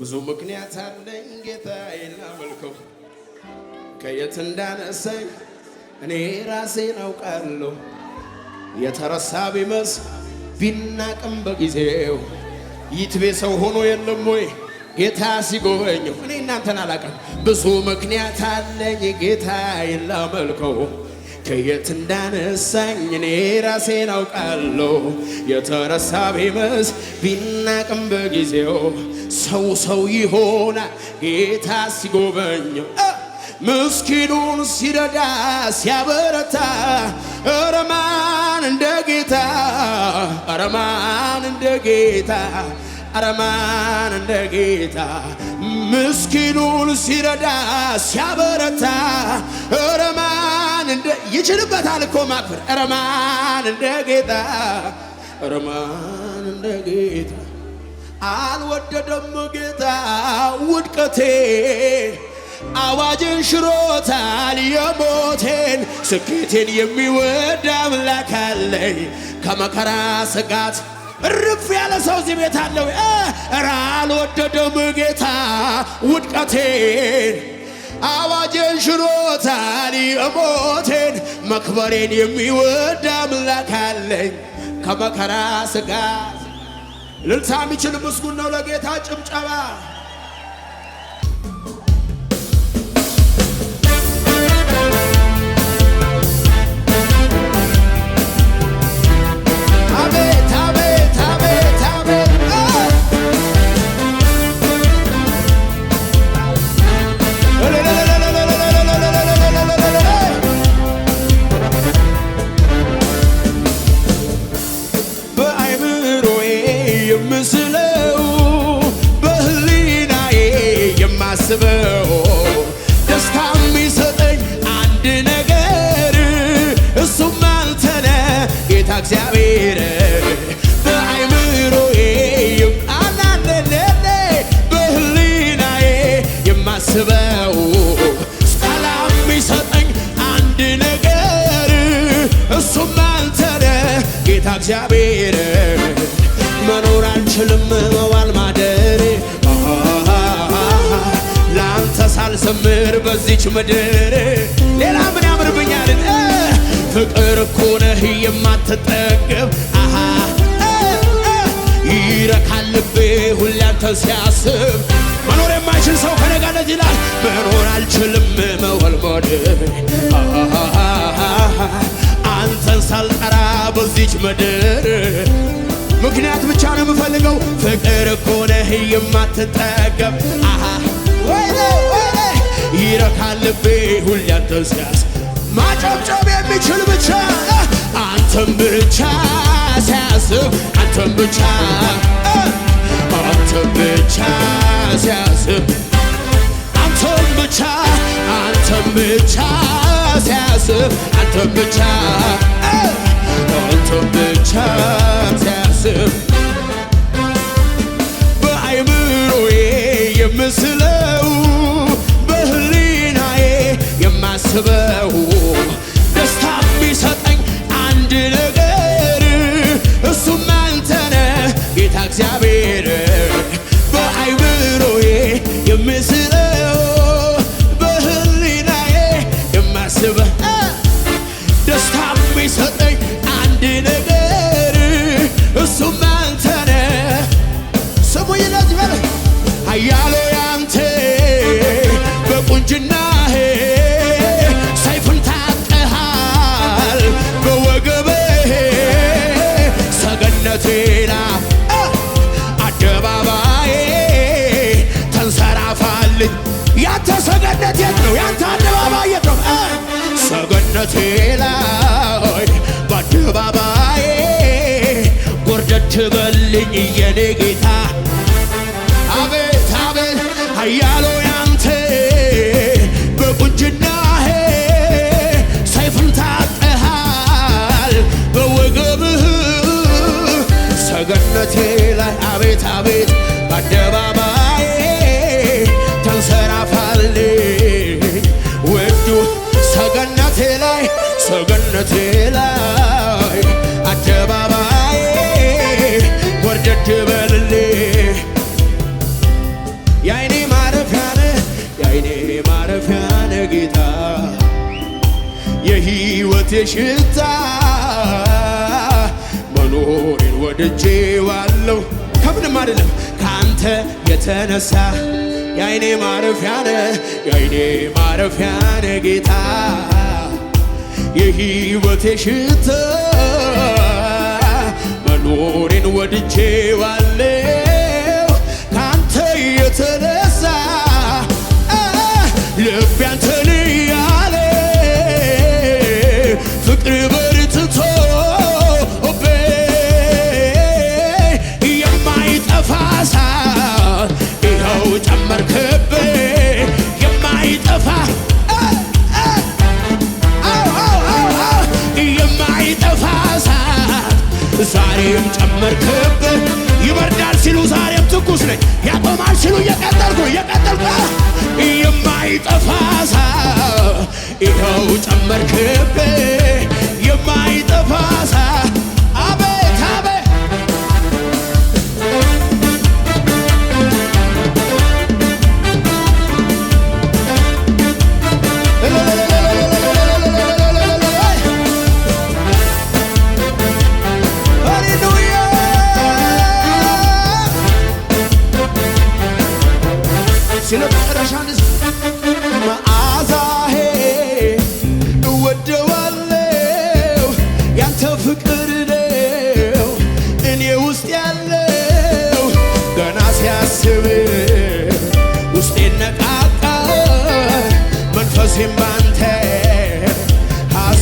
ብዙ ምክንያት አለኝ ጌታዬን ላመልከው ከየት እንዳነሳኝ እኔ ራሴን አውቃለሁ። የተረሳ ቢመስ ቢናቅም በጊዜው ይትቤ ሰው ሆኖ የለም ወይ ጌታ ሲጎበኘው እኔ እናንተን አላቀም። ብዙ ምክንያት አለኝ ጌታዬን ላመልከው ከየት እንዳነሳኝ እኔ ራሴን አውቃለሁ። የተረሳ ቢመስ ቢናቅም በጊዜው ሰው ሰው ይሆናል ጌታ ሲጎበኘው ምስኪኑን ሲረዳ ሲያበረታ እረማን እንደ ጌታ እረማን እንደ ጌታ እረማን እንደ ጌታ ምስኪኑን ሲረዳ ሲያበረታ እረማን እንደ ይችልበታል እኮ ማክበር እረማን እንደ ጌታ እረማን እንደ ጌታ አልወደደም ጌታ ውድቀቴ አዋጅን ሽሮታል የሞቴን ስኬቴን የሚወድ አምላክ አለኝ ከመከራ ስጋት እርፍ ያለ ሰው እዚህ ቤት አለው። ኧረ አልወደደም ጌታ ውድቀቴን አዋጅን ሽሮታል የሞቴን መክበሬን የሚወድ አምላክ አለኝ ከመከራ ስጋት ልልሳ የሚችል ምስጉን ነው ለጌታ ጭብጨባ ምድር ሌላ ምን ያምርብኛልን? ፍቅር እኮ ነህ የማትጠገብ አሃ ይረካል ልቤ ሁሌ አንተን ሲያስብ መኖር የማይችል ሰው ከኔ ይላል መኖር አልችልም መወልወል አንተን ሳልጠራ በዚች ምድር ምክንያት ብቻ ነው የምፈልገው ፍቅር እኮ ነህ የማትጠገብ አሃ ይረካል ልቤ ሁሌ አንተን ሲያስ ማጨብጨብ የሚችል ብቻ አንተም ብቻ ሲያስብ አንተን ብቻ አንተም ብቻ ሲያስብ አንተን ብቻ አንተም ብቻ ሲያስብ አንተን ብቻ አንተን ብቻ ሲያስብ በአይምሮዬ የምስለው ሳላስበው ሰገነት የት ነው? ያንተ አደባባይ የት ነው? ሰገነቴ ላይ በአደባባዬ ጎርደድ በልኝ የኔ ጌታ አቤት አቤት ኃያሉ ያንተ በቁንጅናህ ሰይፍን ታጠሃል በወገብህ ሰገነቴ ላይ አቤት አቤት በሕይወቴ ላይ አደባባይ ወርደድ በልሌ የአይኔ ማረፊያነ የአይኔ ማረፊያነ ጌታ የሕይወቴ ሽታ መኖሬን ወድጄ ዋለው ከምንም አይደለም ከአንተ የተነሳ የአይኔ ማረፊያነ የአይኔ ማረፊያነ ጌታ የሕይወቴ ሽታ መኖሬን ወድጄዋለሁ ካንተ የተነሳ ልቤ አንተ የማይጠፋሳ ይኸው ጨመርክቤ የማይጠፋሳ አቤት አቤት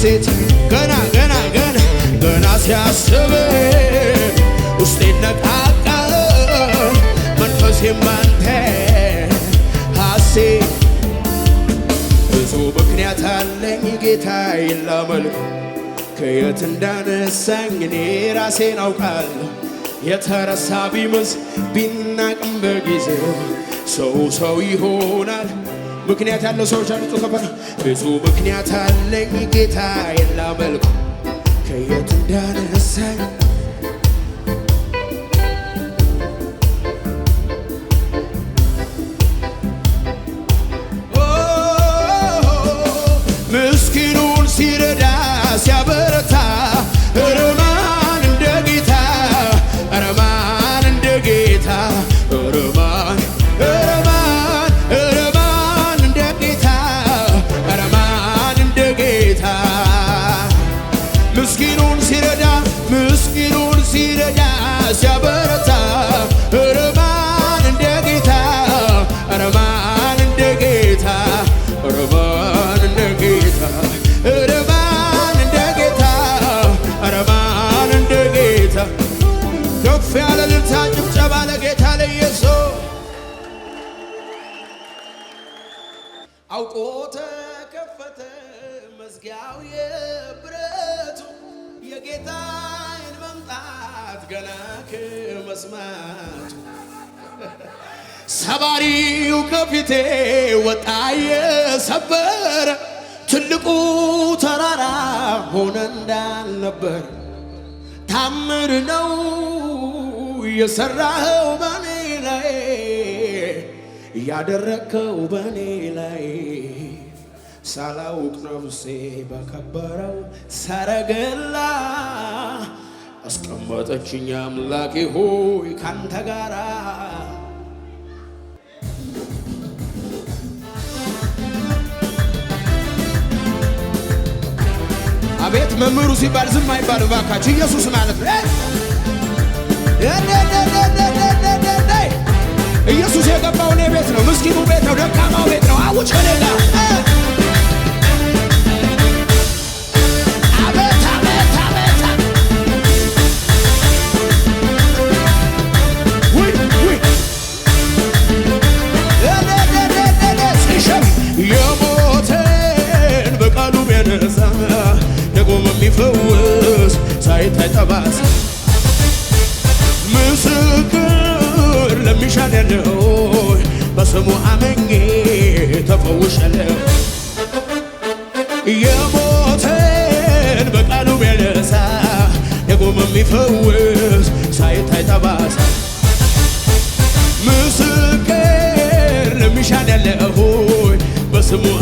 ሴት ገና ገና ገና ገና ሲያስብ ውስጤ ነቃቃ መንፈሴ ባንተ ሐሴት ብዙ ምክንያት አለኝ ጌታዬን ላመልክ ከየት እንዳነሳኝ እኔ ራሴን አውቃለሁ። የተረሳ ቢምስ ቢናቅም በጊዜው ሰው ሰው ይሆናል ምክንያት ያለው ሰዎች አንጡ ከፈና ብዙ ምክንያት አለኝ ጌታ የላመልኩ ከየት እንዳነሳኝ ገና ከመስማቱ ሰባሪው ከፊቴ ወጣ የሰበረ ትልቁ ተራራ ሆነ እንዳልነበር ታምር ነው የሰራኸው በኔ ላይ ያደረግከው በኔ ላይ ሳላውቅ ነፍሴ በከበረው ሰረገላ አስቀመጠችኝ አምላኬ ሆይ ካንተ ጋራ አቤት መምህሩ ሲባል ዝም አይባል። እባካችሁ ኢየሱስ ማለት ነው። ኢየሱስ የገባው እኔ ቤት ነው፣ ምስኪኑ ቤት ነው፣ ደካማው ቤት ነው። አውጭ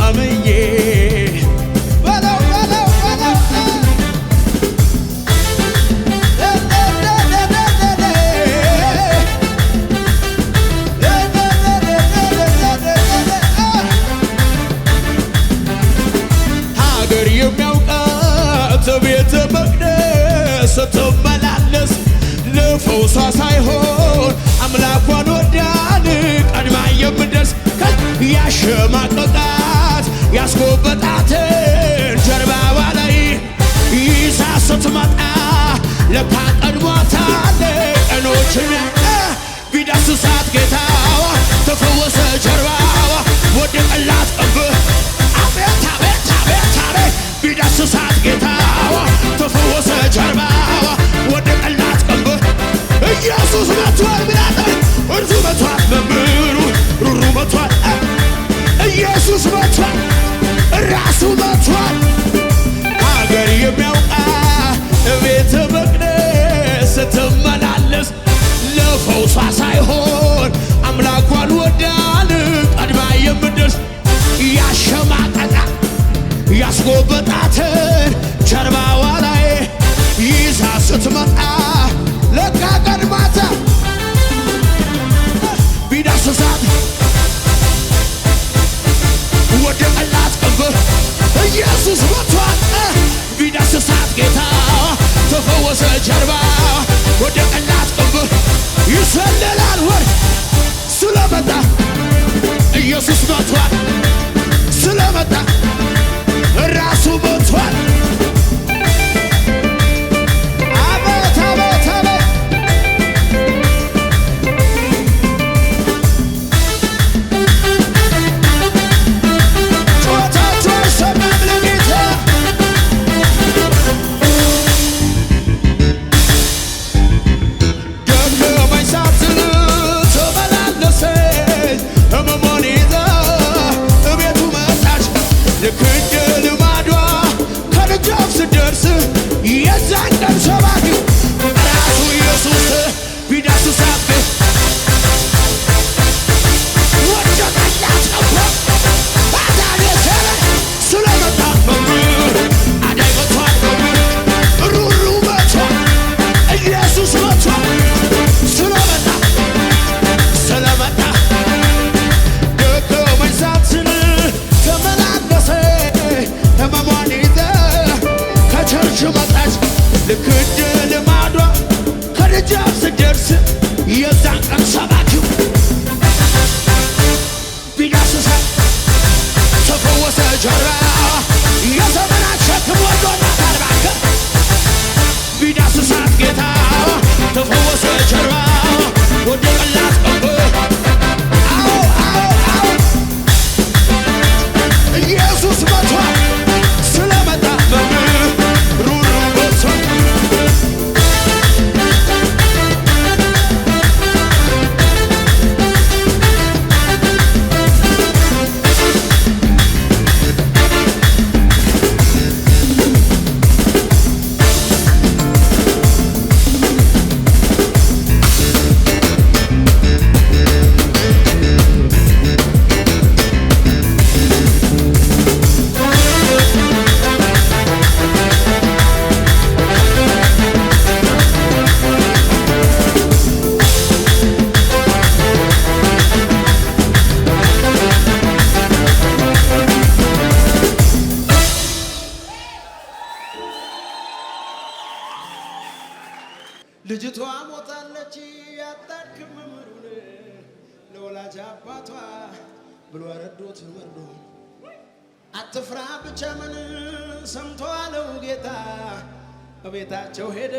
አብዬ የሚያውቃት ቤተ መቅደስ ስትመላለስ ለፈውሷ ሳይሆን አምላኳን ወዳን ቀድማ የምደርስ ያሸማቀቃ ያስጎበጣትን ጀርባዋ ላይ ይዛ ስትመጣ ለካ ቀድሟታል ቀኖችን ቢዳስሳት ጌታዋ ተፈወሰ ጀርባዋ ወደቀላት እብህ አቤት አቤት አቤት አቤት ቢዳስሳት ጌታዋ ተፈወሰ ጀርባዋ ኢየሱስ መቷል እርሱ መቷል ሩሩ መቷል ኢየሱስ መቷል ኢየሱስ ሞቷል። ቢዳስሳት ጌታ ተፈወሰ ጀርባ ወደ ቀላት ቅብር ይሰለላል ወር ስለመጣ ኢየሱስ ሞቷል ስለመጣ ራሱ ሞቷል ወላጅ አባቷ ብሎ ረዶት ወርዶ አትፍራ ብቻ ምን ሰምቶ አለው ጌታ። እቤታቸው ሄደ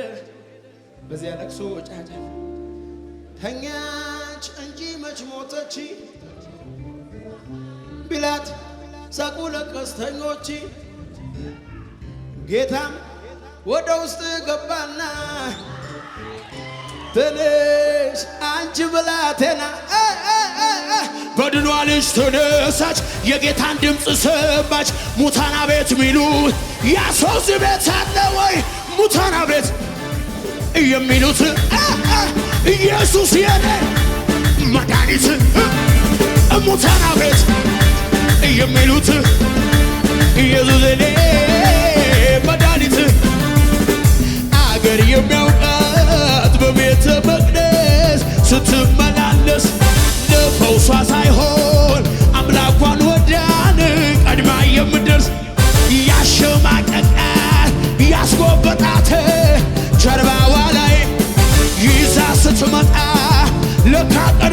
በዚያ ለቅሶ ጫጫ ተኛች እንጂ መች ሞተች ቢላት ሳቁ ለቀስተኞች። ጌታም ወደ ውስጥ ገባና ትንሽ አንቺ ብላቴና በድኗ ልጅ ተነሳች፣ የጌታን ድምፅ ሰማች። ሙታና ቤት ሚሉት ያሶዝ ቤት አለ ወይ? ሙታና ቤት የሚሉት ኢየሱስ የኔ መድኃኒት ሙታና ቤት የሚሉት ኢየሱስ የኔ መድኃኒት አገር የሚያውቃት በቤተ መቅደስ ስትመላለስ ፈውሷ ሳይሆን አምላኳን ወዳን ቀድማ የምደርስ ያሸማቀቀ ያስጎበጣት ጀርባዋ ላይ ይዛ ስትመጣ ለካ